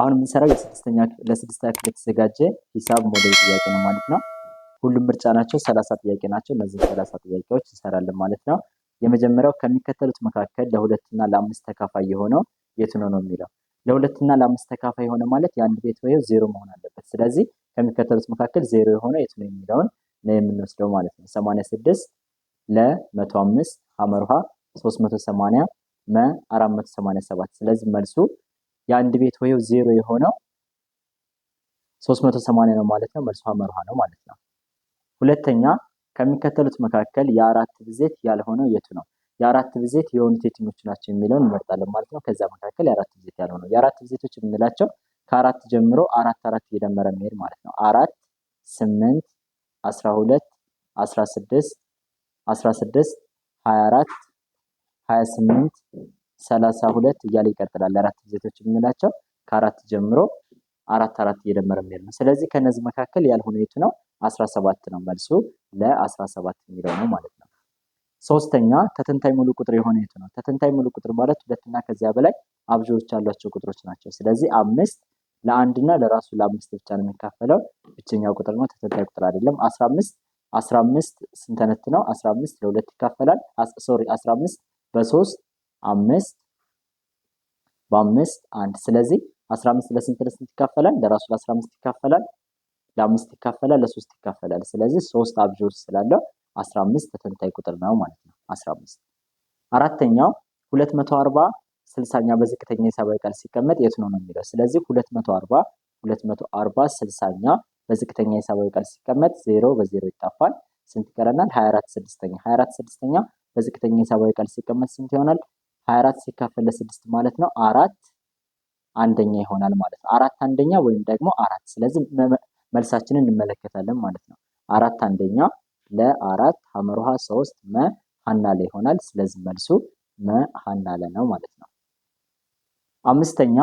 አሁን የምንሰራው የስድስተኛ ለስድስተኛ ክፍል የተዘጋጀ ሂሳብ ሞዴል ጥያቄ ነው ማለት ነው። ሁሉም ምርጫ ናቸው፣ ሰላሳ ጥያቄ ናቸው። እነዚህ ሰላሳ ጥያቄዎች እንሰራለን ማለት ነው። የመጀመሪያው ከሚከተሉት መካከል ለሁለትና ለአምስት ተካፋይ የሆነው የቱ ነው ነው የሚለው ለሁለትና ለአምስት ተካፋይ የሆነ ማለት የአንድ ቤት ወይ ዜሮ መሆን አለበት። ስለዚህ ከሚከተሉት መካከል ዜሮ የሆነ የቱ ነው የሚለውን ነው የምንወስደው ማለት ነው። ሰማንያ ስድስት ለመቶ አምስት ሀመርሃ ሶስት መቶ ሰማንያ መ አራት መቶ ሰማንያ ሰባት ስለዚህ መልሱ የአንድ ቤት ወይው ዜሮ የሆነው 380 ነው ማለት ነው። መልሷ መርሃ ነው ማለት ነው። ሁለተኛ ከሚከተሉት መካከል የአራት ብዜት ያልሆነው የቱ ነው? የአራት ብዜት የሆኑት የትኞቹ ናቸው የሚለውን እንመርጣለን ማለት ነው። ከዛ መካከል የአራት ብዜት ያልሆነው የአራት ብዜቶች የምንላቸው ከአራት ጀምሮ አራት አራት እየደመረ መሄድ ማለት ነው። አራት ስምንት አስራ ሁለት አስራ ስድስት አስራ ስድስት ሀያ አራት ሀያ ስምንት ሰላሳ ሁለት እያለ ይቀጥላል። አራት ብዜቶች የምንላቸው ከአራት ጀምሮ አራት አራት እየደመረ የሚሄድ ነው። ስለዚህ ከእነዚህ መካከል ያልሆነ የቱ ነው? አስራ ሰባት ነው። መልሱ ለአስራ ሰባት የሚለው ነው ማለት ነው። ሶስተኛ ተተንታይ ሙሉ ቁጥር የሆነ የቱ ነው? ተተንታይ ሙሉ ቁጥር ማለት ሁለትና ከዚያ በላይ አብዥዎች ያሏቸው ቁጥሮች ናቸው። ስለዚህ አምስት ለአንድና ለራሱ ለአምስት ብቻ ነው የሚካፈለው ብቸኛው ቁጥር ነው። ተተንታይ ቁጥር አይደለም። አስራ አምስት አስራ አምስት ስንተነት ነው? አስራ አምስት ለሁለት ይካፈላል። ሶሪ አስራ አምስት በሶስት አምስት በአምስት አንድ። ስለዚህ አስራ አምስት ለስንት ለስንት ይካፈላል? ለራሱ ለአስራ አምስት ይካፈላል፣ ለአምስት ይካፈላል፣ ለሶስት ይካፈላል። ስለዚህ ሶስት አብዦች ስላለው አስራ አምስት ተተንታይ ቁጥር ነው ማለት ነው። አስራ አምስት አራተኛው ሁለት መቶ አርባ ስልሳኛ በዝቅተኛ ሂሳባዊ ቃል ሲቀመጥ የት ነው ነው የሚለው ስለዚህ ሁለት መቶ አርባ ሁለት መቶ አርባ ስልሳኛ በዝቅተኛ ሂሳባዊ ቃል ሲቀመጥ ዜሮ በዜሮ ይጠፋል ስንት ይቀረናል? ሀያ አራት ስድስተኛ ሀያ አራት ስድስተኛ በዝቅተኛ ሂሳባዊ ቃል ሲቀመጥ ስንት ይሆናል? 24 ሲካፈል ለስድስት ማለት ነው አራት አንደኛ ይሆናል ማለት ነው። አራት አንደኛ ወይም ደግሞ አራት ስለዚህ መልሳችንን እንመለከታለን ማለት ነው። አራት አንደኛ ለአራት ሀመሮሃ ሶስት መ ሀናለ ይሆናል። ስለዚህ መልሱ መ ሀናለ ነው ማለት ነው። አምስተኛ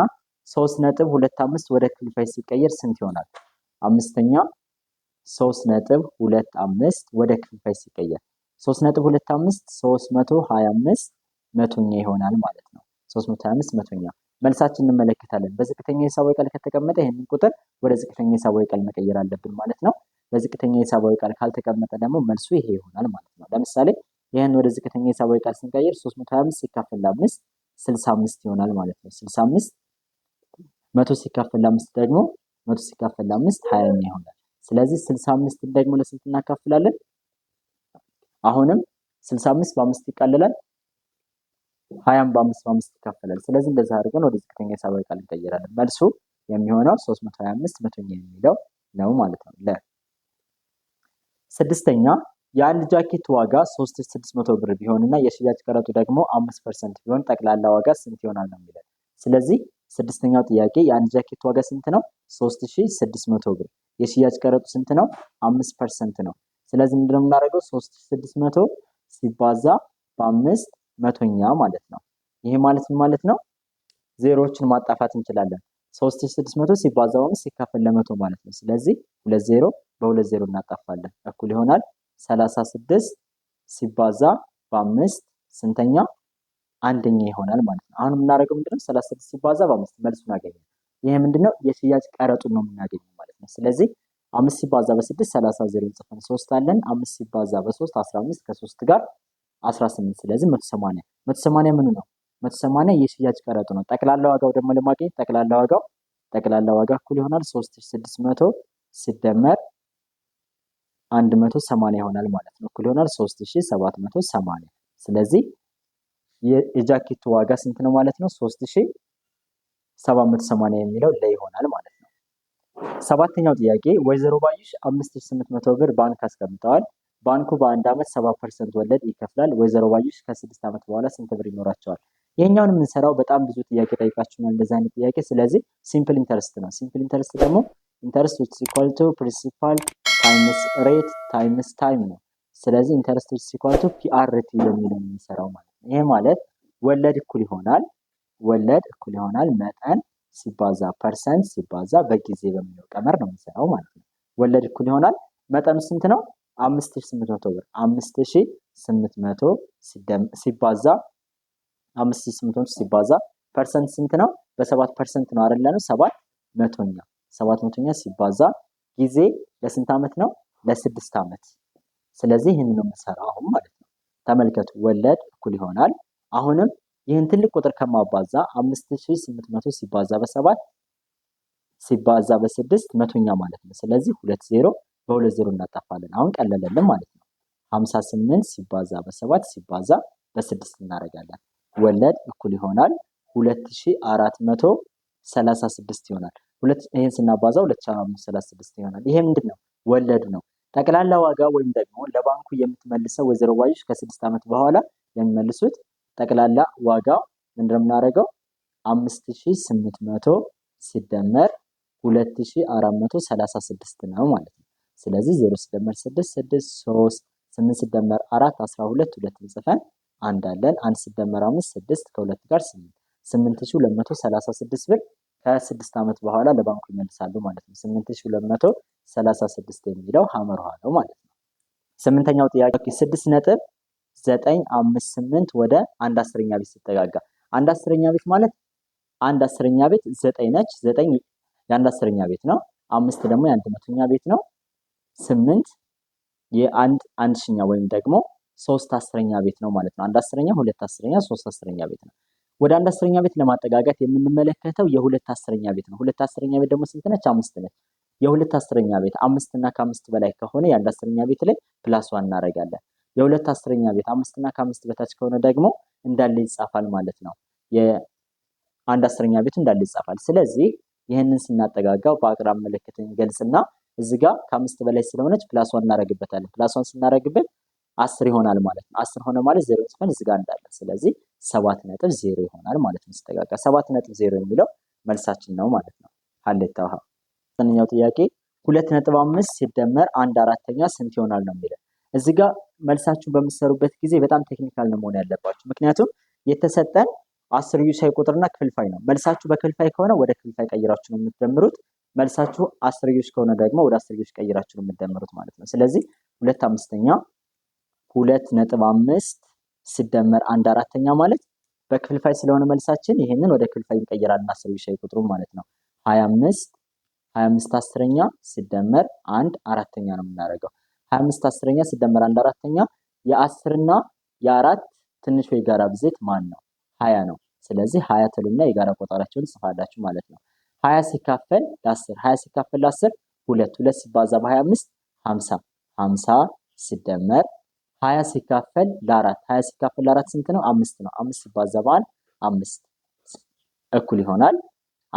ሶስት ነጥብ ሁለት አምስት ወደ ክፍልፋይ ሲቀየር ስንት ይሆናል? አምስተኛ ሶስት ነጥብ ሁለት አምስት ወደ ክፍልፋይ ሲቀየር ሶስት ነጥብ ሁለት አምስት ሶስት መቶ ሀያ አምስት መቶኛ ይሆናል ማለት ነው። 325 መቶኛ መልሳችን እንመለከታለን። በዝቅተኛ ሂሳባዊ ቃል ከተቀመጠ ይህንን ቁጥር ወደ ዝቅተኛ ሂሳባዊ ቃል መቀየር አለብን ማለት ነው። በዝቅተኛ ሂሳባዊ ቃል ካልተቀመጠ ደግሞ መልሱ ይሄ ይሆናል ማለት ነው። ለምሳሌ ይህን ወደ ዝቅተኛ ሂሳባዊ ቃል ስንቀይር 325 ሲካፈል ለአምስት 65 ይሆናል ማለት ነው። 65 መቶ ሲካፈል ለአምስት ደግሞ መቶ ሲካፈል ለአምስት ሀያኛ ይሆናል። ስለዚህ 65 ደግሞ ለስንት እናካፍላለን? አሁንም 65 በአምስት ይቃለላል ሀያም በአምስት በአምስት ይካፈላል። ስለዚህ እንደዚህ አድርገን ወደ ዝቅተኛ ሂሳባዊ ቃል እንቀይራለን። መልሱ የሚሆነው 325 መቶኛ የሚለው ነው ማለት ነው። ለ ስድስተኛ የአንድ ጃኬት ዋጋ 3600 ብር ቢሆን የሽያጭ ቀረጡ ደግሞ 5 ፐርሰንት ቢሆን ጠቅላላ ዋጋ ስንት ይሆናል ነው የሚለን። ስለዚህ ስድስተኛው ጥያቄ የአንድ ጃኬት ዋጋ ስንት ነው? 3600 ብር። የሽያጭ ቀረጡ ስንት ነው? 5 ፐርሰንት ነው። ስለዚህ ምንድነው የምናደርገው? 3600 ሲባዛ በአምስት መቶኛ ማለት ነው። ይሄ ማለት ማለት ነው ዜሮዎችን ማጣፋት እንችላለን። 3600 ሲባዛ በአምስት ሲካፈል ለመቶ ማለት ነው። ስለዚህ ሁለት ዜሮ በሁለት ዜሮ እናጣፋለን እኩል ይሆናል 36 ሲባዛ በአምስት ስንተኛ አንደኛ ይሆናል ማለት ነው። አሁን የምናደርገው ምንድነው 36 ሲባዛ በአምስት መልሱን አገኘን። ይሄ ምንድነው የሽያጭ ቀረጡን ነው የምናገኘው ማለት ነው። ስለዚህ አምስት ሲባዛ በስድስት ሰላሳ ዜሮ ጽፈን ሶስት አለን። አምስት ሲባዛ በሶስት አስራ አምስት ከሶስት ጋር 18 ስለዚህ 180 180 ምን ነው 180 የሽያጭ ቀረጥ ነው። ጠቅላላ ዋጋው ደግሞ ለማግኘት ጠቅላላ ዋጋው ጠቅላላ ዋጋ እኩል ይሆናል 3600 ሲደመር 180 ይሆናል ማለት ነው። እኩል ይሆናል 3780 ስለዚህ የጃኬቱ ዋጋ ስንት ነው ማለት ነው? 3780 የሚለው ላይ ይሆናል ማለት ነው። ሰባተኛው ጥያቄ ወይዘሮ ባዩሽ 5800 ብር ባንክ አስቀምጠዋል። ባንኩ በአንድ ዓመት ሰባ ፐርሰንት ወለድ ይከፍላል። ወይዘሮ ባዩሽ ከስድስት ዓመት በኋላ ስንት ብር ይኖራቸዋል? ይህኛውን የምንሰራው በጣም ብዙ ጥያቄ ጠይቃችሁናል፣ እንደዚህ አይነት ጥያቄ። ስለዚህ ሲምፕል ኢንተረስት ነው። ሲምፕል ኢንተረስት ደግሞ ኢንተረስት ዊች ኢኳል ቱ ፕሪንሲፓል ታይምስ ሬት ታይምስ ታይም ነው። ስለዚህ ኢንተረስት ዊች ኢኳል ቱ ፒአርቲ የሚለው የምንሰራው ማለት ነው። ይሄ ማለት ወለድ እኩል ይሆናል ወለድ እኩል ይሆናል መጠን ሲባዛ ፐርሰንት ሲባዛ በጊዜ በሚለው ቀመር ነው የምንሰራው ማለት ነው። ወለድ እኩል ይሆናል መጠኑ ስንት ነው? አምስት ሺህ ስምንት መቶ ብር አምስት ሺህ ስምንት መቶ ሲባዛ አምስት ሺህ ስምንት መቶ ሲባዛ ፐርሰንት ስንት ነው? በሰባት ፐርሰንት ነው አይደለ ነው ሰባት መቶኛ ሰባት መቶኛ ሲባዛ ጊዜ ለስንት ዓመት ነው? ለስድስት ዓመት። ስለዚህ ይህን ነው የምሰራው አሁን ማለት ነው። ተመልከቱ ወለድ እኩል ይሆናል። አሁንም ይህን ትልቅ ቁጥር ከማባዛ አምስት ሺህ ስምንት መቶ ሲባዛ በሰባት ሲባዛ በስድስት መቶኛ ማለት ነው። ስለዚህ ሁለት ዜሮ በሁለት ዜሮ እናጠፋለን። አሁን ቀለለልን ማለት ነው። ስምንት ሲባዛ በሰባት ሲባዛ በስድስት እናደርጋለን። ወለድ እኩል ይሆናል ስድስት ይሆናል። ይህን ስናባዛ ስድስት ይሆናል። ይሄ ምንድን ነው? ወለድ ነው። ጠቅላላ ዋጋ ወይም ደግሞ ለባንኩ የምትመልሰው ወይዘሮ ባዮሽ ከስድስት ዓመት በኋላ የሚመልሱት ጠቅላላ ዋጋ እንደምናደርገው አምስት ሺ ስምንት መቶ ሲደመር ሁለት ሺ አራት መቶ ሰላሳ ስድስት ነው ማለት ነው። ስለዚህ 0 ሲደመር 6 6 3 8 ሲደመር 4 12 ሁለትን ጽፈን አንድ አለን። 1 ሲደመር 5 6 ከሁለት ጋር 8 8 8236 ብር ከስድስት ዓመት በኋላ ለባንኩ ይመልሳሉ ማለት ነው። 8236 የሚለው ሀመር ውሃ ነው ማለት ነው። ስምንተኛው ጥያቄ 6 ነጥብ 958 ወደ አንድ አስረኛ ቤት ሲጠጋጋ አንድ አስረኛ ቤት ማለት አንድ አስረኛ ቤት ዘጠኝ ነች። ዘጠኝ የአንድ አስረኛ ቤት ነው። አምስት ደግሞ የአንድ መቶኛ ቤት ነው። ስምንት የአንድ አንድሽኛ ወይም ደግሞ ሶስት አስረኛ ቤት ነው ማለት ነው። አንድ አስረኛ፣ ሁለት አስረኛ፣ ሶስት አስረኛ ቤት ነው። ወደ አንድ አስረኛ ቤት ለማጠጋጋት የምንመለከተው የሁለት አስረኛ ቤት ነው። ሁለት አስረኛ ቤት ደግሞ ስንት ነች? አምስት ነች። የሁለት አስረኛ ቤት አምስት እና ከአምስት በላይ ከሆነ የአንድ አስረኛ ቤት ላይ ፕላስ ዋን እናደርጋለን። የሁለት አስረኛ ቤት አምስት እና ከአምስት በታች ከሆነ ደግሞ እንዳለ ይጻፋል ማለት ነው። የአንድ አስረኛ ቤት እንዳለ ይጻፋል። ስለዚህ ይህንን ስናጠጋጋው በአቅራብ ምልክትን ገልጽና እዚህ ጋር ከአምስት በላይ ስለሆነች ፕላስ ዋን እናደረግበታለን። ፕላስ ዋን ስናደርግበት አስር ይሆናል ማለት ነው። አስር ሆነ ማለት ዜሮ ሲሆን እዚህ እንዳለ፣ ስለዚህ ሰባት ነጥብ ዜሮ ይሆናል ማለት ነው። ሲጠቃቀ ሰባት ነጥብ ዜሮ የሚለው መልሳችን ነው ማለት ነው። ሀሌታ ውሃ ጥያቄ ሁለት ነጥብ አምስት ሲደመር አንድ አራተኛ ስንት ይሆናል ነው የሚለን። እዚ ጋ መልሳችሁን በምትሰሩበት ጊዜ በጣም ቴክኒካል ነው መሆን ያለባችሁ። ምክንያቱም የተሰጠን አስር ዩሳይ ቁጥርና ክፍልፋይ ነው። መልሳችሁ በክፍልፋይ ከሆነ ወደ ክፍልፋይ ቀይራችሁ ነው የምትደምሩት። መልሳችሁ አስርዮሽ ከሆነ ደግሞ ወደ አስርዮሽ ቀይራችሁ ነው የምትደምሩት ማለት ነው። ስለዚህ ሁለት አምስተኛ ሁለት ነጥብ አምስት ሲደመር አንድ አራተኛ ማለት በክፍልፋይ ስለሆነ መልሳችን ይህንን ወደ ክፍልፋይ እንቀይራለን አስርዮሻዊ ቁጥሩ ማለት ነው። ሀያ አምስት ሀያ አምስት አስረኛ ሲደመር አንድ አራተኛ ነው የምናደርገው። ሀያ አምስት አስረኛ ሲደመር አንድ አራተኛ የአስርና የአራት ትንሹ የጋራ ብዜት ማን ነው? ሀያ ነው። ስለዚህ ሀያ ትሉና የጋራ ቆጣራቸውን ጽፋላችሁ ማለት ነው። ሀያ ሲካፈል ለአስር ሀያ ሲካፈል ለአስር ሁለት ሁለት ሲባዛ በሀያ አምስት ሀምሳ ሀምሳ ሲደመር ሀያ ሲካፈል ለአራት ሀያ ሲካፈል ለአራት ስንት ነው? አምስት ነው። አምስት ሲባዛ በአንድ አምስት እኩል ይሆናል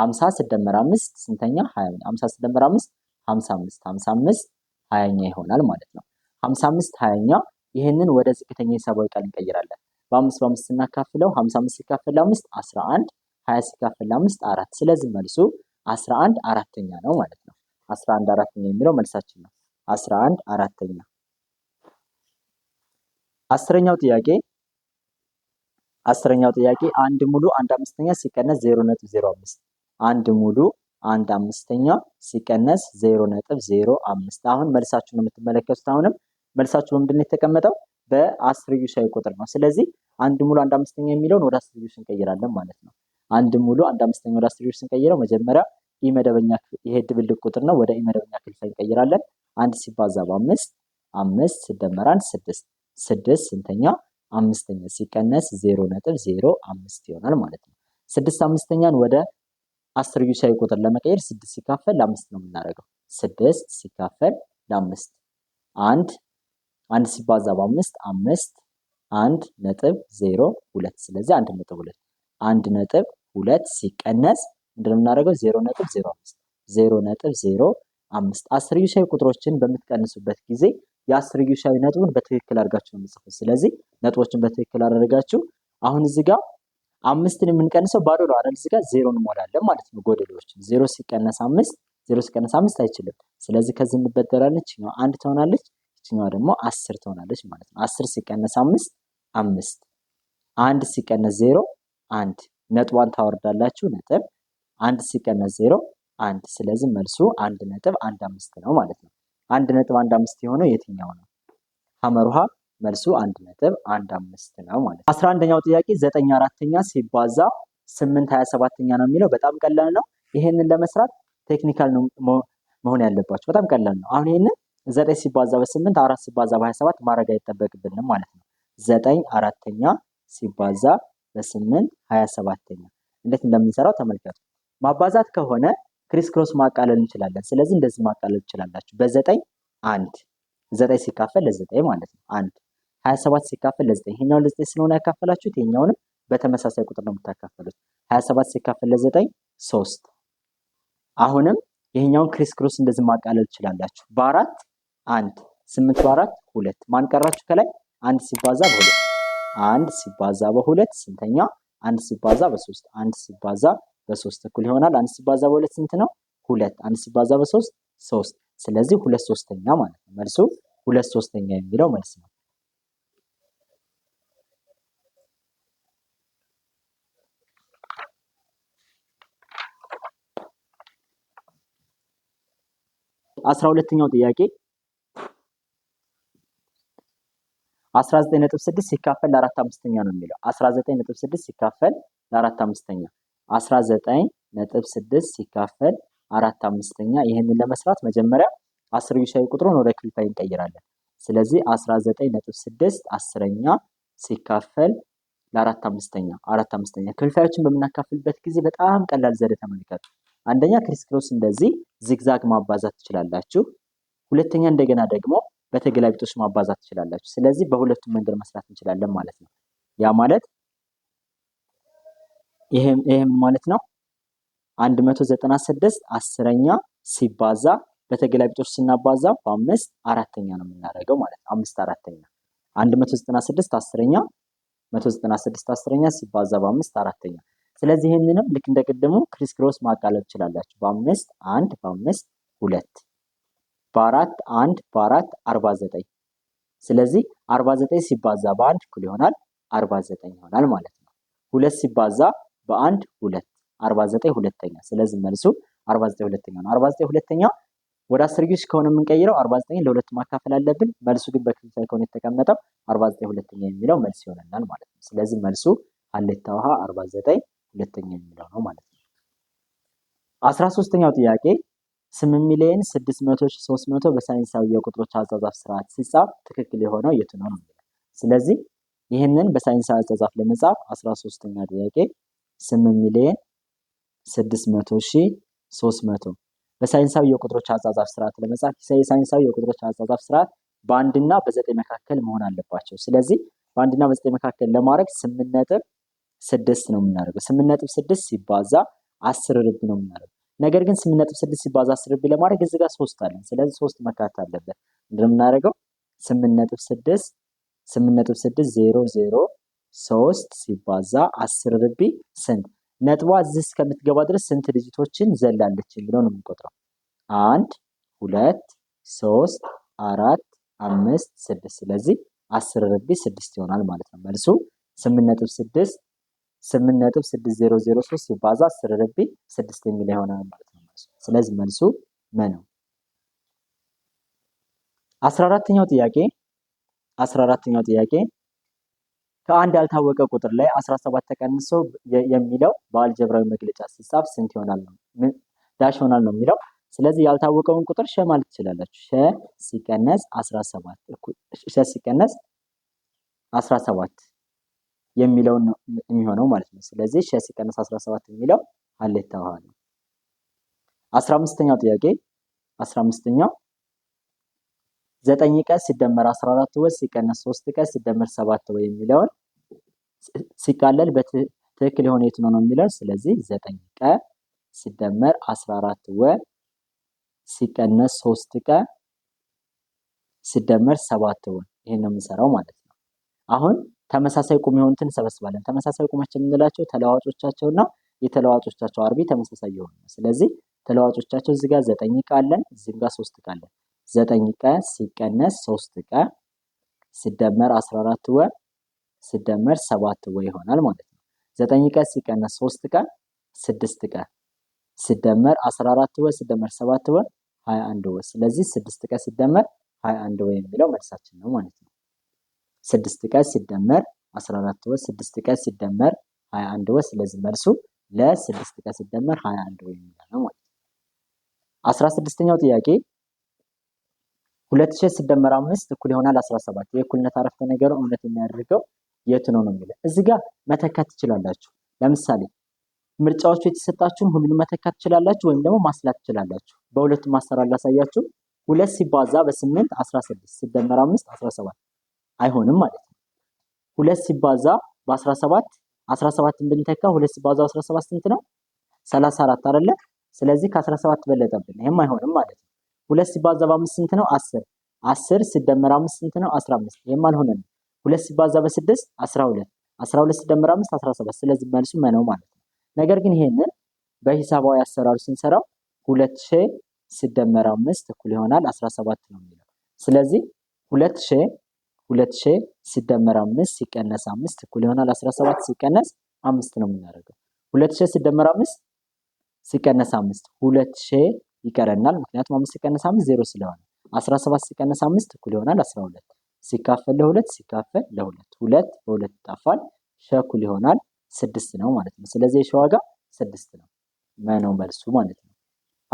ሀምሳ ሲደመር አምስት ስንተኛ? ሀያ ሀምሳ ሲደመር አምስት ሀምሳ አምስት ሀምሳ አምስት ሀያኛ ይሆናል ማለት ነው። ሀምሳ አምስት ሀያኛ ይህንን ወደ ዝቅተኛ ሂሳባዊ ቃል እንቀይራለን። በአምስት በአምስት ስናካፍለው ሀምሳ አምስት ሲካፈል ለአምስት አስራ አንድ 20 አራት። ስለዚህ መልሱ 11 አራተኛ ነው ማለት ነው። 11 አራተኛ የሚለው መልሳችን ነው። 11 አራተኛ። አስረኛው ጥያቄ አስረኛው ጥያቄ አንድ ሙሉ አንድ አምስተኛ ሲቀነስ 0.05 አንድ ሙሉ አንድ አምስተኛ ሲቀነስ 0.05 አሁን መልሳችሁን የምትመለከቱት አሁንም መልሳችሁ በምንድን ነው የተቀመጠው? በአስርዮሻዊ ቁጥር ነው። ስለዚህ አንድ ሙሉ አንድ አምስተኛ የሚለውን ወደ አስርዮሽ እንቀይራለን ማለት ነው። አንድ ሙሉ አንድ አምስተኛ ወደ አስርዮሽ ስንቀይረው መጀመሪያ ኢመደበኛ ይሄ ድብልቅ ቁጥር ነው። ወደ ኢመደበኛ ክፍልፋይ እንቀይራለን። አንድ ሲባዛ በአምስት አምስት ሲደመራን አንድ ስድስት ስድስት ስንተኛ አምስተኛ ሲቀነስ ዜሮ ነጥብ ዜሮ አምስት ይሆናል ማለት ነው። ስድስት አምስተኛን ወደ አስርዮሻዊ ቁጥር ለመቀየር ስድስት ሲካፈል ለአምስት ነው የምናደርገው። ስድስት ሲካፈል ለአምስት አንድ አንድ ሲባዛ በአምስት አምስት አንድ ነጥብ ዜሮ ሁለት ስለዚህ አንድ ነጥብ ሁለት አንድ ነጥብ ሁለት ሲቀነስ ምንድነው የምናደርገው? ዜሮ ነጥብ ዜሮ አምስት ዜሮ ነጥብ ዜሮ አምስት አስርዮሻዊ ቁጥሮችን በምትቀንሱበት ጊዜ የአስርዮሻዊ ነጥቡን በትክክል አድርጋችሁ ነው የምጽፉት። ስለዚህ ነጥቦችን በትክክል አደረጋችሁ። አሁን እዚህ ጋር አምስትን የምንቀንሰው ባዶ ነው አይደል? እዚህ ጋር ዜሮ እንሞላለን ማለት ነው። ጎደሎችን ዜሮ ሲቀነስ አምስት ዜሮ ሲቀነስ አምስት አይችልም። ስለዚህ ከዚህ እንበደራለች ነው አንድ ትሆናለች፣ ይችኛዋ ደግሞ አስር ትሆናለች ማለት ነው። አስር ሲቀነስ አምስት አምስት አንድ ሲቀነስ ዜሮ አንድ ነጥቧን ታወርዳላችሁ። ነጥብ አንድ ሲቀነስ ዜሮ አንድ። ስለዚህ መልሱ አንድ ነጥብ አንድ አምስት ነው ማለት ነው። አንድ ነጥብ አንድ አምስት የሆነው የትኛው ነው? ሀመሩሃ መልሱ አንድ ነጥብ አንድ አምስት ነው ማለት ነው። አስራ አንደኛው ጥያቄ ዘጠኝ አራተኛ ሲባዛ ስምንት ሀያ ሰባተኛ ነው የሚለው በጣም ቀላል ነው። ይሄንን ለመስራት ቴክኒካል መሆን ያለባቸው በጣም ቀላል ነው። አሁን ይህንን ዘጠኝ ሲባዛ በስምንት አራት ሲባዛ በሀያ ሰባት ማድረግ አይጠበቅብንም ማለት ነው። ዘጠኝ አራተኛ ሲባዛ በስምንት ሀያ ሰባተኛ እንዴት እንደምንሰራው ተመልከቱ። ማባዛት ከሆነ ክሪስ ክሮስ ማቃለል እንችላለን። ስለዚህ እንደዚህ ማቃለል እንችላላችሁ። በዘጠኝ አንድ ዘጠኝ ሲካፈል ለዘጠኝ ማለት ነው። አንድ ሀያ ሰባት ሲካፈል ለዘጠኝ ይሄኛውን ለዘጠኝ ስለሆነ ያካፈላችሁት ይሄኛውንም በተመሳሳይ ቁጥር ነው የምታካፈሉት። ሀያ ሰባት ሲካፈል ለዘጠኝ ሶስት። አሁንም ይሄኛውን ክሪስ ክሮስ እንደዚህ ማቃለል ትችላላችሁ። በአራት አንድ ስምንት በአራት ሁለት ማንቀራችሁ ከላይ አንድ ሲባዛ በሁለት አንድ ሲባዛ በሁለት ስንተኛ? አንድ ሲባዛ በሶስት አንድ ሲባዛ በሶስት እኩል ይሆናል። አንድ ሲባዛ በሁለት ስንት ነው? ሁለት። አንድ ሲባዛ በሶስት ሶስት። ስለዚህ ሁለት ሶስተኛ ማለት ነው። መልሱ ሁለት ሶስተኛ የሚለው መልስ ነው። አስራ ሁለተኛው ጥያቄ 19.6 ሲካፈል ለአራት አምስተኛ ነው የሚለው 19.6 ሲካፈል ለአራት አምስተኛ 19.6 ሲካፈል አራት አምስተኛ። ይህንን ለመስራት መጀመሪያ አስርዮሻዊ ቁጥሩን ወደ ክፍልፋይ እንቀይራለን። ስለዚህ 19.6 አስረኛ ሲካፈል ለአራት አምስተኛ አራት አምስተኛ። ክፍልፋዮችን በምናካፍልበት ጊዜ በጣም ቀላል ዘዴ ተመልከቱ። አንደኛ ክሪስክሮስ እንደዚህ ዚግዛግ ማባዛት ትችላላችሁ። ሁለተኛ እንደገና ደግሞ በተገላቢጦች ማባዛት ትችላላችሁ። ስለዚህ በሁለቱም መንገድ መስራት እንችላለን ማለት ነው። ያ ማለት ይህም ማለት ነው 196 አስረኛ ሲባዛ በተገላቢጦች ስናባዛ በአምስት አራተኛ ነው የምናደርገው ማለት ነው። አምስት አራተኛ 196 አስረኛ 196 አስረኛ ሲባዛ በአምስት አራተኛ። ስለዚህ ይህንንም ልክ እንደቀደሙ ክሪስክሮስ ማቃለብ ማቃለል ትችላላችሁ። በአምስት አንድ፣ በአምስት ሁለት በአራት አንድ በአራት አርባ ዘጠኝ ስለዚህ አርባ ዘጠኝ ሲባዛ በአንድ እኩል ይሆናል አርባ ዘጠኝ ይሆናል ማለት ነው። ሁለት ሲባዛ በአንድ ሁለት አርባ ዘጠኝ ሁለተኛ ስለዚህ መልሱ አርባ ዘጠኝ ሁለተኛ ነው። አርባ ዘጠኝ ሁለተኛ ወደ አስር ጊዜ ከሆነ የምንቀይረው አርባ ዘጠኝ ለሁለት ማካፈል አለብን። መልሱ ግን በክፍል ከሆነ የተቀመጠው አርባ ዘጠኝ ሁለተኛ የሚለው መልስ ይሆነናል ማለት ነው። ስለዚህ መልሱ ሀሌታ ውሃ አርባ ዘጠኝ ሁለተኛ የሚለው ነው ማለት ነው። አስራ ሶስተኛው ጥያቄ ስም ሚሊዮን 600 በሳይንሳዊ የቁጥሮች አዛዛፍ ስርዓት ሲጻፍ ትክክል የሆነው የቱ ነው ነው። ስለዚህ ይህንን በሳይንሳዊ አዛዛፍ ለመጻፍ 13ኛ ጥያቄ 8 ሚሊዮን 600 ሺህ 300 በሳይንሳዊ የቁጥሮች አጻጻፍ ስርዓት ለመጻፍ የሳይንሳዊ የቁጥሮች አጻጻፍ ስርዓት በአንድና በዘጠኝ መካከል መሆን አለባቸው። ስለዚህ በአንድና በዘጠኝ መካከል ለማድረግ 8 ነጥብ ስድስት ነው የምናደርገው። 8 ስድስት ሲባዛ 10 ርብ ነው የምናደርገው ነገር ግን ስምንት ነጥብ ስድስት ሲባዛ አስር ለማድረግ እዚህ ጋር ሶስት አለን። ስለዚህ ሶስት መካት አለበት። እንደምናደርገው ስምንት ነጥብ ስድስት ስምንት ነጥብ ስድስት ዜሮ ዜሮ ሶስት ሲባዛ አስር ርቢ ስንት ነጥቧ እዚህ እስከምትገባ ድረስ ስንት ድጅቶችን ዘላለች የሚለው ነው የምንቆጥረው። አንድ ሁለት ሶስት አራት አምስት ስድስት ስለዚህ አስር ርቢ ስድስት ይሆናል ማለት ነው መልሱ ስምንት ነጥብ ስድስት ስምንት ነጥብ ስድስት ዜሮ ዜሮ ሶስት ሲባዛ አስር ርቤ ስድስት የሚል ይሆናል ማለት ነው። ስለዚህ መልሱ መ ነው። አስራ አራተኛው ጥያቄ አስራ አራተኛው ጥያቄ ከአንድ ያልታወቀ ቁጥር ላይ አስራ ሰባት ተቀንሶ የሚለው በአልጀብራዊ መግለጫ ሲጻፍ ስንት ይሆናል ነው ዳሽ ይሆናል ነው የሚለው። ስለዚህ ያልታወቀውን ቁጥር ሸ ማለት ትችላላችሁ። ሸ ሲቀነስ አስራ ሰባት ሸ ሲቀነስ አስራ ሰባት የሚለውን የሚሆነው ማለት ነው። ስለዚህ ሸ ሲቀነስ 17 የሚለው ሀሌታ ውሃ ነው። አስራ ጥያቄ 15ኛው ዘጠኝ ቀን ሲደመር 14 ወር ሲቀነስ 3 ቀን ሲደመር 7 ወር የሚለውን ሲቃለል በትክክል የሆነ የት ነው ነው የሚለው ስለዚህ ዘጠኝ ቀን ሲደመር 14 ወ ሲቀነስ 3 ቀን ሲደመር 7 ወ ይሄን ነው የምንሰራው ማለት ነው። አሁን ተመሳሳይ ቁም የሆኑትን እንሰበስባለን። ተመሳሳይ ቁማቸው የምንላቸው ተለዋዋጮቻቸው እና የተለዋዋጮቻቸው አርቢ ተመሳሳይ የሆኑ ስለዚህ ተለዋዋጮቻቸው እዚህ ጋር ዘጠኝ ዕቃ አለን፣ እዚህም ጋር ሶስት ዕቃ አለን። ዘጠኝ ቀ ሲቀነስ ሶስት ቀ ሲደመር አስራ አራት ወ ሲደመር ሰባት ወ ይሆናል ማለት ነው። ዘጠኝ ቀ ሲቀነስ ሶስት ቀ ስድስት ቀ ሲደመር አስራ አራት ወ ሲደመር ሰባት ወ ሀያ አንድ ወ ስለዚህ ስድስት ቀ ሲደመር ሀያ አንድ ወ የሚለው መልሳችን ነው ማለት ነው። ስድስት ቀን ሲደመር 14 ወር ስድስት ቀን ሲደመር 21 ወር። ስለዚህ መልሱ ለስድስት ቀን ሲደመር 21 ወር የሚል ነው ማለት ነው። አስራ ስድስተኛው ጥያቄ ሁለት ሺህ ሲደመር አምስት እኩል ይሆናል 17 የእኩልነት አረፍተ ነገር እውነት የሚያደርገው የት ነው ነው የሚለው እዚህ ጋር መተካት ትችላላችሁ። ለምሳሌ ምርጫዎቹ የተሰጣችሁን ሁሉንም መተካት ትችላላችሁ ወይም ደግሞ ማስላት ትችላላችሁ። በሁለቱም አሰራር ላሳያችሁ። ሁለት ሲባዛ በስምንት 16 ሲደመር አምስት 17 አይሆንም ማለት ነው። ሁለት ሲባዛ በ17 17ን ብንተካ ሁለት ሲባዛ 17 ስንት ነው? 34 አይደለ? ስለዚህ ከ17 በለጠብን፣ ይሄም አይሆንም ማለት ነው። ሁለት ሲባዛ በአምስት ስንት ነው? 10 10 ሲደመር 5 ስንት ነው? 15 ይሄም አልሆነም። ሁለት ሲባዛ በ6 12 12 ሲደመር 5 17 ስለዚህ መልሱ መነው ማለት ነው። ነገር ግን ይሄንን በሂሳባዊ አሰራር ስንሰራው 2000 ሲደመር 5 እኩል ይሆናል 17 ነው የሚለው። ስለዚህ 2000 ሁለት ሺህ ሲደመር አምስት ሲቀነስ አምስት እኩል ይሆናል አስራ ሰባት ሲቀነስ አምስት ነው የምናደርገው። ሁለት ሺህ ሲደመር አምስት ሲቀነስ አምስት ሁለት ሺህ ይቀረናል። ምክንያቱም አምስት ሲቀነስ አምስት ዜሮ ስለሆነ አስራ ሰባት ሲቀነስ አምስት እኩል ይሆናል አስራ ሁለት ሲካፈል ለሁለት ሲካፈል ለሁለት ሁለት በሁለት ይጣፋል ሸ እኩል ይሆናል ስድስት ነው ማለት ነው። ስለዚህ የሸ ዋጋ ስድስት ነው መነው መልሱ ማለት ነው።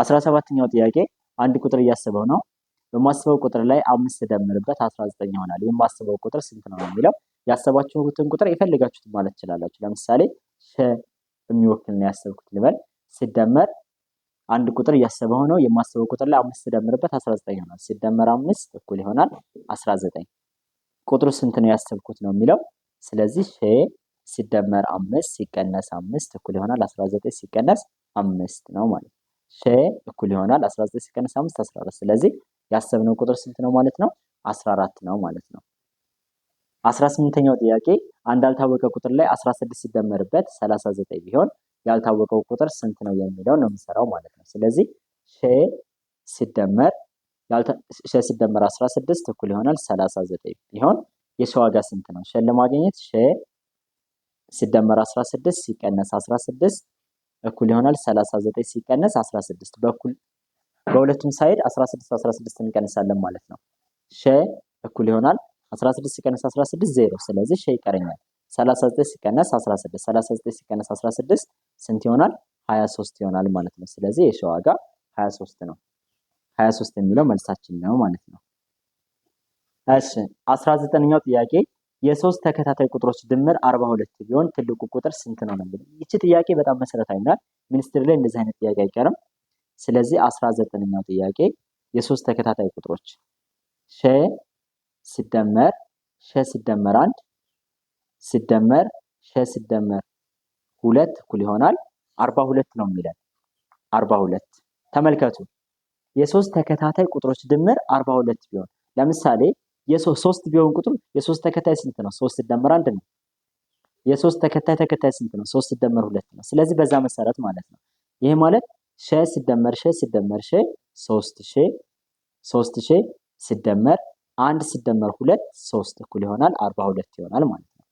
አስራ ሰባተኛው ጥያቄ አንድ ቁጥር እያሰበው ነው በማስበው ቁጥር ላይ አምስት ደምርበት አስራ ዘጠኝ ይሆናል። የማስበው ቁጥር ስንት ነው የሚለው ያሰባችሁትን ቁጥር የፈልጋችሁት ማለት ትችላላችሁ። ለምሳሌ ሸ የሚወክል ነው ያሰብኩት ልበል። ሲደመር አንድ ቁጥር እያሰበ ሆነው የማስበው ቁጥር ላይ አምስት ደምርበት አስራ ዘጠኝ ይሆናል። ሲደመር አምስት እኩል ይሆናል አስራ ዘጠኝ ቁጥሩ ስንት ነው ያሰብኩት ነው የሚለው ስለዚህ ሸ ሲደመር አምስት ሲቀነስ አምስት እኩል ይሆናል አስራ ዘጠኝ ሲቀነስ አምስት ነው ማለት ሸ እኩል ይሆናል አስራ ዘጠኝ ሲቀነስ አምስት አስራ አራት ስለዚህ ያሰብነው ቁጥር ስንት ነው ማለት ነው? 14 ነው ማለት ነው። 18ኛው ጥያቄ አንድ ያልታወቀ ቁጥር ላይ 16 ሲደመርበት 39 ቢሆን ያልታወቀው ቁጥር ስንት ነው የሚለው ነው የምንሰራው ማለት ነው። ስለዚህ ሸ ሲደመር ሸ ሲደመር 16 እኩል ይሆናል 39 ቢሆን የሸ ዋጋ ስንት ነው? ሸ ለማግኘት ሸ ሲደመር 16 ሲቀነስ 16 እኩል ይሆናል 39 ሲቀነስ 16 በኩል በሁለቱም ሳይድ 16 16 እንቀንሳለን ማለት ነው። ሸ እኩል ይሆናል 16 ሲቀነስ 16 ዜሮ። ስለዚህ ሸ ይቀረኛል። 39 ሲቀነስ 16 39 ሲቀነስ 16 ስንት ይሆናል? 23 ይሆናል ማለት ነው። ስለዚህ የሸ ዋጋ 23 ነው። 23 የሚለው መልሳችን ነው ማለት ነው። እሺ 19ኛው ጥያቄ የሶስት ተከታታይ ቁጥሮች ድምር 42 ቢሆን ትልቁ ቁጥር ስንት ነው ነው ይቺ ጥያቄ በጣም መሰረታዊ ናት። ሚኒስትር ላይ እንደዚህ አይነት ጥያቄ አይቀርም። ስለዚህ አስራ ኛው ጥያቄ የሶስት ተከታታይ ቁጥሮች ሸ ሲደመር ሸ ሲደመር አንድ ሲደመር ሸ ሲደመር ሁለት እኩል ይሆናል አርባ ሁለት ነው የሚለን አርባ ሁለት ተመልከቱ የሶስት ተከታታይ ቁጥሮች ድምር አርባ ሁለት ቢሆን ለምሳሌ ሶስት ቢሆን ቁጥሩ የሶስት ተከታይ ስንት ነው? ሶስት ሲደመር አንድ ነው። የሶስት ተከታይ ተከታይ ስንት ነው? ሶስት ሲደመር ሁለት ነው። ስለዚህ በዛ መሰረት ማለት ነው። ይሄ ማለት ሸ ሲደመር ሸ ሲደመር ሸ ሶስት ሺ ሶስት ሺ ሲደመር አንድ ሲደመር ሁለት ሶስት እኩል ይሆናል አርባ ሁለት ይሆናል ማለት ነው።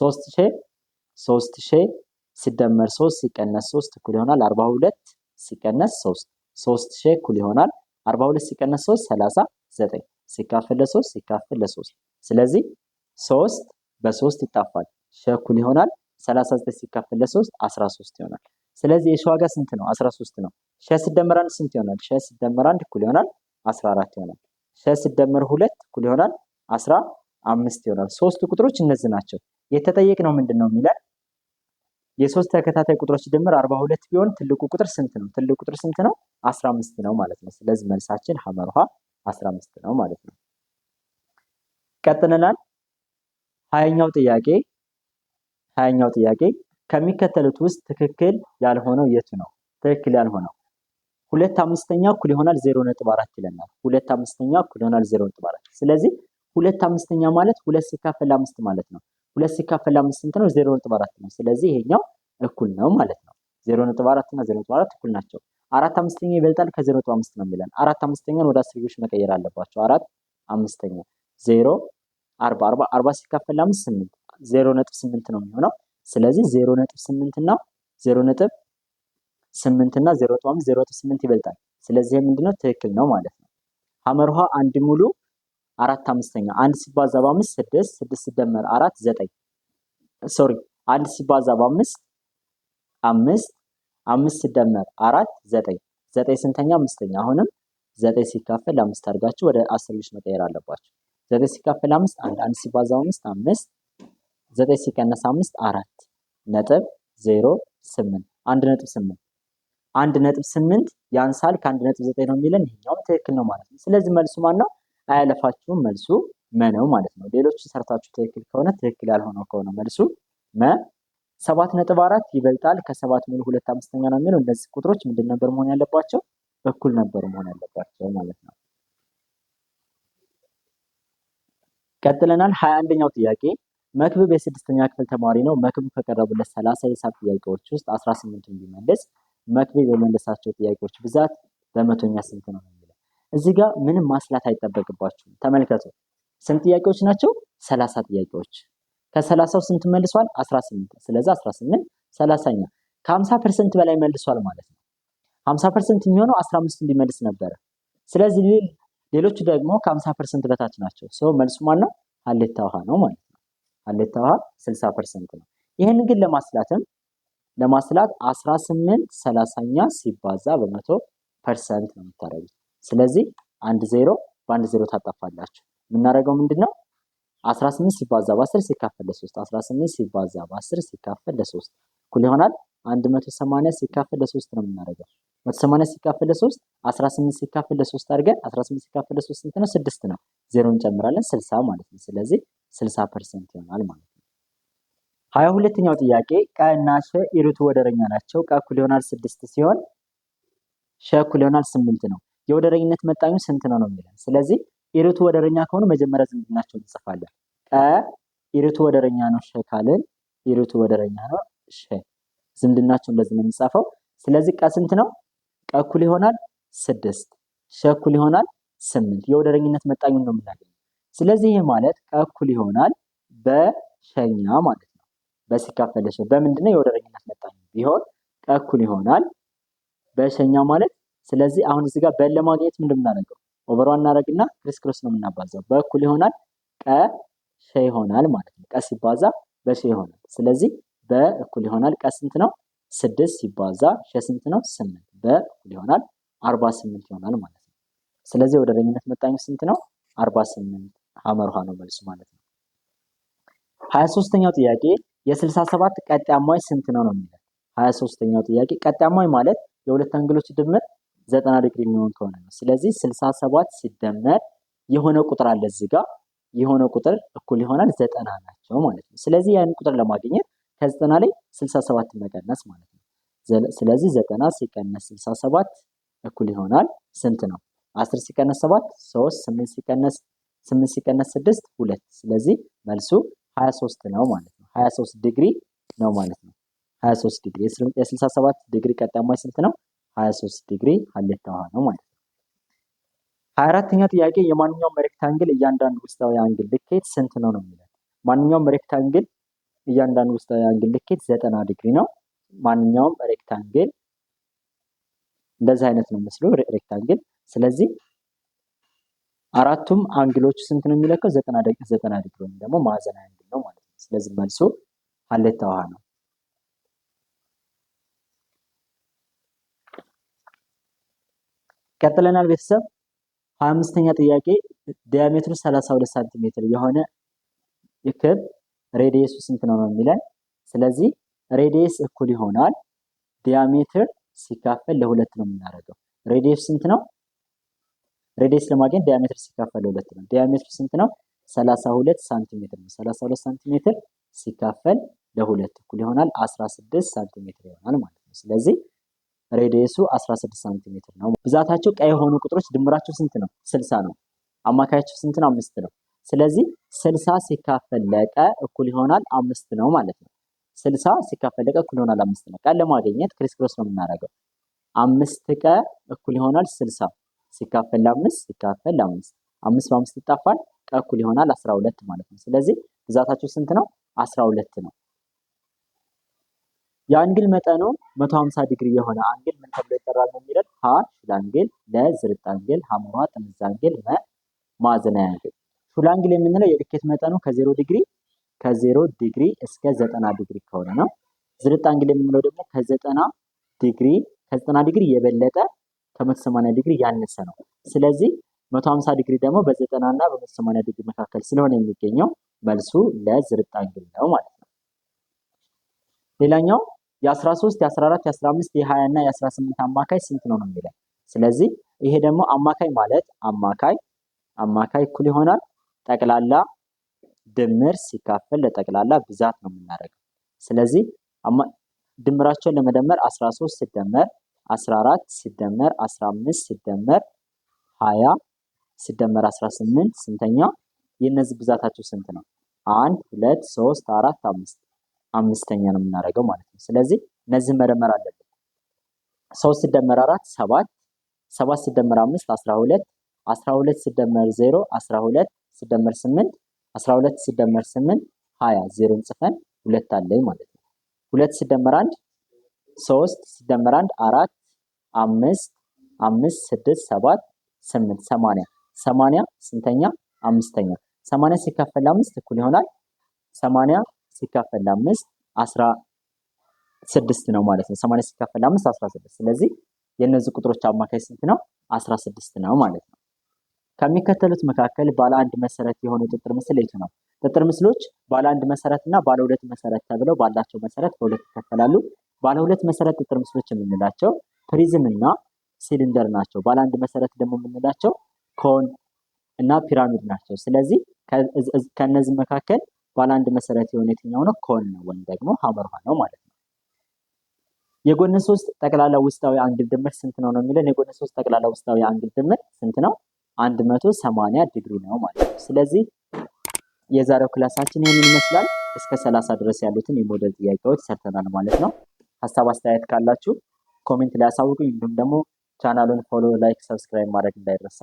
ሶስት ሺ ሶስት ሺ ሲደመር ሶስት ሲቀነስ ሶስት እኩል ይሆናል አርባ ሁለት ሲቀነስ ሶስት ሶስት ሺ እኩል ይሆናል አርባ ሁለት ሲቀነስ ሶስት ሰላሳ ዘጠኝ ሲካፈል ለሶስት ሲካፈል ለሶስት ስለዚህ ሶስት በሶስት ይጣፋል ሸ እኩል ይሆናል ሰላሳ ዘጠኝ ሲካፈል ለሶስት አስራ ሶስት ይሆናል። ስለዚህ የሺ ዋጋ ስንት ነው? 13 ነው። ሸ ሲደመር አንድ ስንት ይሆናል? ሸ ሲደመር አንድ እኩል ይሆናል 14 ይሆናል። ሸ ሲደመር ሁለት እኩል ይሆናል 15 ይሆናል። ሶስቱ ቁጥሮች እነዚህ ናቸው። የተጠየቅ ምንድን ነው የሚለን የሶስት ተከታታይ ቁጥሮች ድምር 42 ቢሆን ትልቁ ቁጥር ስንት ነው? ትልቁ ቁጥር ስንት ነው? 15 ነው ማለት ነው። ስለዚህ መልሳችን ሐመርሃ 15 ነው ማለት ነው። ቀጥለናል። ሀያኛው ጥያቄ ሀያኛው ጥያቄ ከሚከተሉት ውስጥ ትክክል ያልሆነው የቱ ነው? ትክክል ያልሆነው ሁለት አምስተኛ እኩል ይሆናል ዜሮ ነጥብ አራት ይለናል። ሁለት አምስተኛ እኩል ይሆናል ዜሮ ነጥብ አራት ስለዚህ ሁለት አምስተኛ ማለት ሁለት ሲካፈል አምስት ማለት ነው። ሁለት ሲካፈል አምስት ስንት ነው? ዜሮ ነጥብ አራት ነው። ስለዚህ ይሄኛው እኩል ነው ማለት ነው። ዜሮ ነጥብ አራት እና ዜሮ ነጥብ አራት እኩል ናቸው። አራት አምስተኛ ይበልጣል ከዜሮ ነጥብ አምስት ነው የሚለን። አራት አምስተኛን ወደ አስርዮሽ መቀየር አለባቸው። አራት አምስተኛ ዜሮ አርባ አርባ ሲካፈል አምስት ስምንት ዜሮ ነጥብ ስምንት ነው የሚሆነው ስለዚህ 0.8 እና 0.8 እና ዜሮ ይበልጣል። ስለዚህ ምንድነው ትክክል ነው ማለት ነው። ውሃ አንድ ሙሉ አራት አምስተኛ አንድ ሲባዛ በአምስት ስድስት ስድስት ሲደመር አራት ዘጠኝ ሶሪ አንድ ሲባዛ በአምስት አምስት አምስት ሲደመር አራት ዘጠኝ ዘጠኝ ስንተኛ አምስተኛ አሁንም ዘጠኝ ሲካፈል አምስት አድርጋችሁ ወደ አስር ልጅ መቀየር አለባችሁ። ዘጠኝ ሲካፈል አምስት አንድ አንድ ሲባዛ አምስት አምስት ዘጠኝ ሲቀነስ አምስት አራት ነጥብ ዜሮ ስምንት አንድ ነጥብ ስምንት አንድ ነጥብ ስምንት ያንሳል ከአንድ ነጥብ ዘጠኝ ነው የሚለን ይሄኛውም ትክክል ነው ማለት ነው። ስለዚህ መልሱ ማን ነው? አያለፋችሁም መልሱ መነው ማለት ነው። ሌሎች ሰርታችሁ ትክክል ከሆነ ትክክል ያልሆነው ከሆነ መልሱ መ ሰባት ነጥብ አራት ይበልጣል ከሰባት ሙሉ ሁለት አምስተኛ ነው የሚለው እነዚህ ቁጥሮች ምንድን ነበር መሆን ያለባቸው? እኩል ነበር መሆን ያለባቸው ማለት ነው። ቀጥለናል። ሀያ አንደኛው ጥያቄ መክብብ የስድስተኛ ክፍል ተማሪ ነው። መክብብ ከቀረቡለት ሰላሳ የሂሳብ ጥያቄዎች ውስጥ 18 ቢመልስ መክብብ የመለሳቸው ጥያቄዎች ብዛት በመቶኛ ስንት ነው የሚለው እዚህ ጋ ምንም ማስላት አይጠበቅባቸውም ተመልከቱ። ስንት ጥያቄዎች ናቸው? ሰላሳ ጥያቄዎች። ከሰላሳው ስንት መልሷል? 18 ስለዚህ 18 ሰላሳኛ ከ50 ፐርሰንት በላይ መልሷል ማለት ነው። 50 ፐርሰንት የሚሆነው 15 እንዲመልስ ነበረ። ስለዚህ ሌሎቹ ደግሞ ከ50 ፐርሰንት በታች ናቸው። ሰው መልሱ ማነው? ሀሌታ ውሃ ነው ማለት ሀሌታ ውሃ 60 ፐርሰንት ነው። ይህን ግን ለማስላትም ለማስላት 18 ሰላሳኛ ሲባዛ በመቶ ፐርሰንት ነው የምታደርጉት። ስለዚህ አንድ ዜሮ በአንድ ዜሮ ታጠፋላችሁ። የምናደርገው ምንድን ነው? 18 ሲባዛ በ10 ሲካፈል ለ3 18 ሲባዛ በ10 ሲካፈል ለ3 እኩል ይሆናል 180 ሲካፈል ለ3 ነው የምናደርገው። 180 ሲካፈል ለ3 18 ሲካፈል ለ3 አድርገን 18 ሲካፈል ለ3 ስንት ነው? 6 ነው። ዜሮ እንጨምራለን 60 ማለት ነው። ስለዚህ 60 ፐርሰንት ይሆናል ማለት ነው። ሀያ ሁለተኛው ጥያቄ ቀ እና ሸ ኢሩቱ ወደረኛ ናቸው። ቀ እኩል ይሆናል ስድስት ሲሆን ሸ እኩል ይሆናል ስምንት ነው። የወደረኝነት መጣኙ ስንት ነው ነው የሚለን። ስለዚህ ኢሩቱ ወደረኛ ከሆኑ መጀመሪያ ናቸው እንጽፋለን። ቀ ኢሩቱ ወደረኛ ነው ሸ ካልን ኢሩቱ ወደረኛ ነው ሸ ዝምድናቸው እንደዚህ ነው የሚጻፈው። ስለዚህ ቀ ስንት ነው? ቀ እኩል ይሆናል ስድስት ሸ እኩል ይሆናል ስምንት የወደረኝነት መጣኙን ነው የምናገኘው። ስለዚህ ማለት ከእኩል ይሆናል በሸኛ ማለት ነው። በሲካፈል በምንድነው የወደረኝነት መጣኝ ቢሆን ከእኩል ይሆናል በሸኛ ማለት ስለዚህ አሁን እዚህ ጋር በን ለማግኘት ምንድን የምናደርገው ኦቨሯን እናደርግና ክሪስ ክሮስ ነው የምናባዛው። በእኩል ይሆናል ቀ ሸ ይሆናል ማለት ነው። ቀ ሲባዛ በሸ ይሆናል። ስለዚህ በእኩል ይሆናል ቀ ስንት ነው? ስድስት ሲባዛ ሸ ስንት ነው? ስምንት በእኩል ይሆናል አርባ ስምንት ይሆናል ማለት ነው። ስለዚህ ወደረኝነት መጣኙ ስንት ነው? አርባ ስምንት ሀመርሃ ነው መልሱ ማለት ነው። ሀያ ሶስተኛው ጥያቄ የስልሳ ሰባት ቀጣማይ ስንት ነው ነው የሚለው ሀያ ሶስተኛው ጥያቄ ቀጣማይ ማለት የሁለት አንግሎች ድምር ዘጠና ዲግሪ የሚሆን ከሆነ ነው። ስለዚህ ስልሳ ሰባት ሲደመር የሆነ ቁጥር አለ እዚህ ጋ የሆነ ቁጥር እኩል ይሆናል ዘጠና ናቸው ማለት ነው። ስለዚህ ያን ቁጥር ለማግኘት ከዘጠና ላይ ስልሳ ሰባት መቀነስ ማለት ነው። ስለዚህ ዘጠና ሲቀነስ ስልሳ ሰባት እኩል ይሆናል ስንት ነው? አስር ሲቀነስ ሰባት ሶስት ስምንት ሲቀነስ ስምንት ሲቀነስ ስድስት ሁለት። ስለዚህ መልሱ ሀያ ሶስት ነው ማለት ነው። ሀያ ሶስት ዲግሪ ነው ማለት ነው። ሀያ ሶስት ዲግሪ የስልሳ ሰባት ዲግሪ ቀዳማይ ስንት ነው? ሀያ ሶስት ዲግሪ ሀሌታ ውሃ ነው ማለት ነው። ሀያ አራተኛ ጥያቄ የማንኛውም ሬክታንግል እያንዳንዱ ውስጣዊ አንግል ልኬት ስንት ነው ነው የሚለው ማንኛውም ሬክታንግል እያንዳንዱ ውስጣዊ አንግል ልኬት ዘጠና ዲግሪ ነው። ማንኛውም ሬክታንግል እንደዚህ አይነት ነው ምስሉ ሬክታንግል። ስለዚህ አራቱም አንግሎች ስንት ነው የሚለካው? ዘጠና ደቂ ዘጠና ዲግሪ ወይም ደግሞ ማዕዘን አንግል ነው ማለት ነው። ስለዚህ መልሶ ሀሌታ ውሃ ነው። ቀጥለናል ቤተሰብ ሀያ አምስተኛ ጥያቄ ዲያሜትሩ ሰላሳ ሁለት ሳንቲሜትር የሆነ ክብ ሬዲየሱ ስንት ነው ነው የሚለን ስለዚህ ሬዲየስ እኩል ይሆናል ዲያሜትር ሲካፈል ለሁለት ነው የምናደርገው ሬዲየሱ ስንት ነው ሬዲየስ ለማግኘት ዲያሜትር ሲካፈል ሁለት ነው። ዲያሜትር ስንት ነው? 32 ሳንቲሜትር ነው። 32 ሳንቲሜትር ሲካፈል ለሁለት እኩል ይሆናል 16 ሳንቲሜትር ይሆናል ማለት ነው። ስለዚህ ሬዲየሱ 16 ሳንቲሜትር ነው። ብዛታቸው ቀይ የሆኑ ቁጥሮች ድምራቸው ስንት ነው? 60 ነው። አማካያቸው ስንት ነው? አምስት ነው። ስለዚህ 60 ሲካፈል ለቀ እኩል ይሆናል አምስት ነው ማለት ነው። 60 ሲካፈል ለቀ እኩል ይሆናል አምስት ነው። ቀን ለማግኘት ክሪስ ክሮስ ነው የምናደርገው። አምስት ቀ እኩል ይሆናል 60 ሲካፈል ለአምስት ሲካፈል ለአምስት አምስት በአምስት ይጣፋል ከእኩል ይሆናል አስራ ሁለት ማለት ነው። ስለዚህ ብዛታቸው ስንት ነው? አስራ ሁለት ነው። የአንግል መጠኑ መቶ ሀምሳ ዲግሪ የሆነ አንግል ምን ተብሎ ይጠራል ነው የሚለን ሀ ሹላንግል፣ ለ ዝርጥ አንግል፣ ሐምሯ ጥምዝ አንግል፣ መ ማዕዘናዊ አንግል። ሹላንግል የምንለው የልኬት መጠኑ ከዜሮ ዲግሪ ከዜሮ ዲግሪ እስከ ዘጠና ዲግሪ ከሆነ ነው። ዝርጥ አንግል የምንለው ደግሞ ከዘጠና ዲግሪ ከዘጠና ዲግሪ የበለጠ ከመቶ ሰማንያ ዲግሪ ያነሰ ነው። ስለዚህ መቶ ሀምሳ ዲግሪ ደግሞ በዘጠና እና በመቶ ሰማንያ ዲግሪ መካከል ስለሆነ የሚገኘው መልሱ ለዝርጣንግል ነው ማለት ነው። ሌላኛው የ13 የ14 የ15 የ20 እና የ18 አማካይ ስንት ነው ነው የሚለው ስለዚህ ይሄ ደግሞ አማካይ ማለት አማካይ አማካይ እኩል ይሆናል ጠቅላላ ድምር ሲካፈል ለጠቅላላ ብዛት ነው የምናደርገው። ስለዚህ ድምራቸውን ለመደመር 13 ሲደመር 14 ሲደመር 15 ሲደመር 20 ሲደመር 18 ስንተኛ? የእነዚህ ብዛታቸው ስንት ነው? አንድ ሁለት ሶስት አራት አምስት አምስተኛ ነው የምናደርገው ማለት ነው። ስለዚህ እነዚህ መደመር አለብን። ሶስት ሲደመር አራት ሰባት ሰባት ሲደመር አምስት አስራ ሁለት አስራ ሁለት ሲደመር ዜሮ አስራ ሁለት ሲደመር ስምንት አስራ ሁለት ሲደመር ስምንት ሀያ ዜሮን ጽፈን ሁለት አለኝ ማለት ነው። ሁለት ሲደመር አንድ ሶስት ሲደመር አንድ አራት አምስት አምስት ስድስት ሰባት ስምንት ሰማንያ ሰማንያ ስንተኛ አምስተኛ ሰማንያ ሲካፈል ለአምስት እኩል ይሆናል ሰማንያ ሲካፈል ለአምስት አስራ ስድስት ነው ማለት ነው። ሰማንያ ሲካፈል ለአምስት አስራ ስድስት ስለዚህ የእነዚህ ቁጥሮች አማካይ ስንት ነው? አስራ ስድስት ነው ማለት ነው። ከሚከተሉት መካከል ባለ አንድ መሰረት የሆነ ጥጥር ምስል የቱ ነው? ጥጥር ምስሎች ባለ አንድ መሰረት እና ባለ ሁለት መሰረት ተብለው ባላቸው መሰረት በሁለት ይከፈላሉ። ባለ ሁለት መሰረት ጥጥር ምስሎች የምንላቸው ፕሪዝም እና ሲሊንደር ናቸው። ባለአንድ መሰረት ደግሞ የምንላቸው ኮን እና ፒራሚድ ናቸው። ስለዚህ ከእነዚህ መካከል ባለአንድ መሰረት የሆነ የትኛው ነው? ኮን ነው ወይም ደግሞ ሀመር ነው ማለት ነው። የጎን ሶስት ጠቅላላ ውስጣዊ አንግል ድምር ስንት ነው ነው የሚለን የጎን ሶስት ጠቅላላ ውስጣዊ አንግል ድምር ስንት ነው? አንድ መቶ ሰማንያ ዲግሪ ነው ማለት ነው። ስለዚህ የዛሬው ክላሳችን ይህንን ይመስላል። እስከ ሰላሳ ድረስ ያሉትን የሞዴል ጥያቄዎች ሰርተናል ማለት ነው። ሀሳብ አስተያየት ካላችሁ ኮሜንት ላይ እንዲሁም ደግሞ ቻናሉን ፎሎ፣ ላይክ፣ ሰብስክራይብ ማድረግ እንዳይረሳ።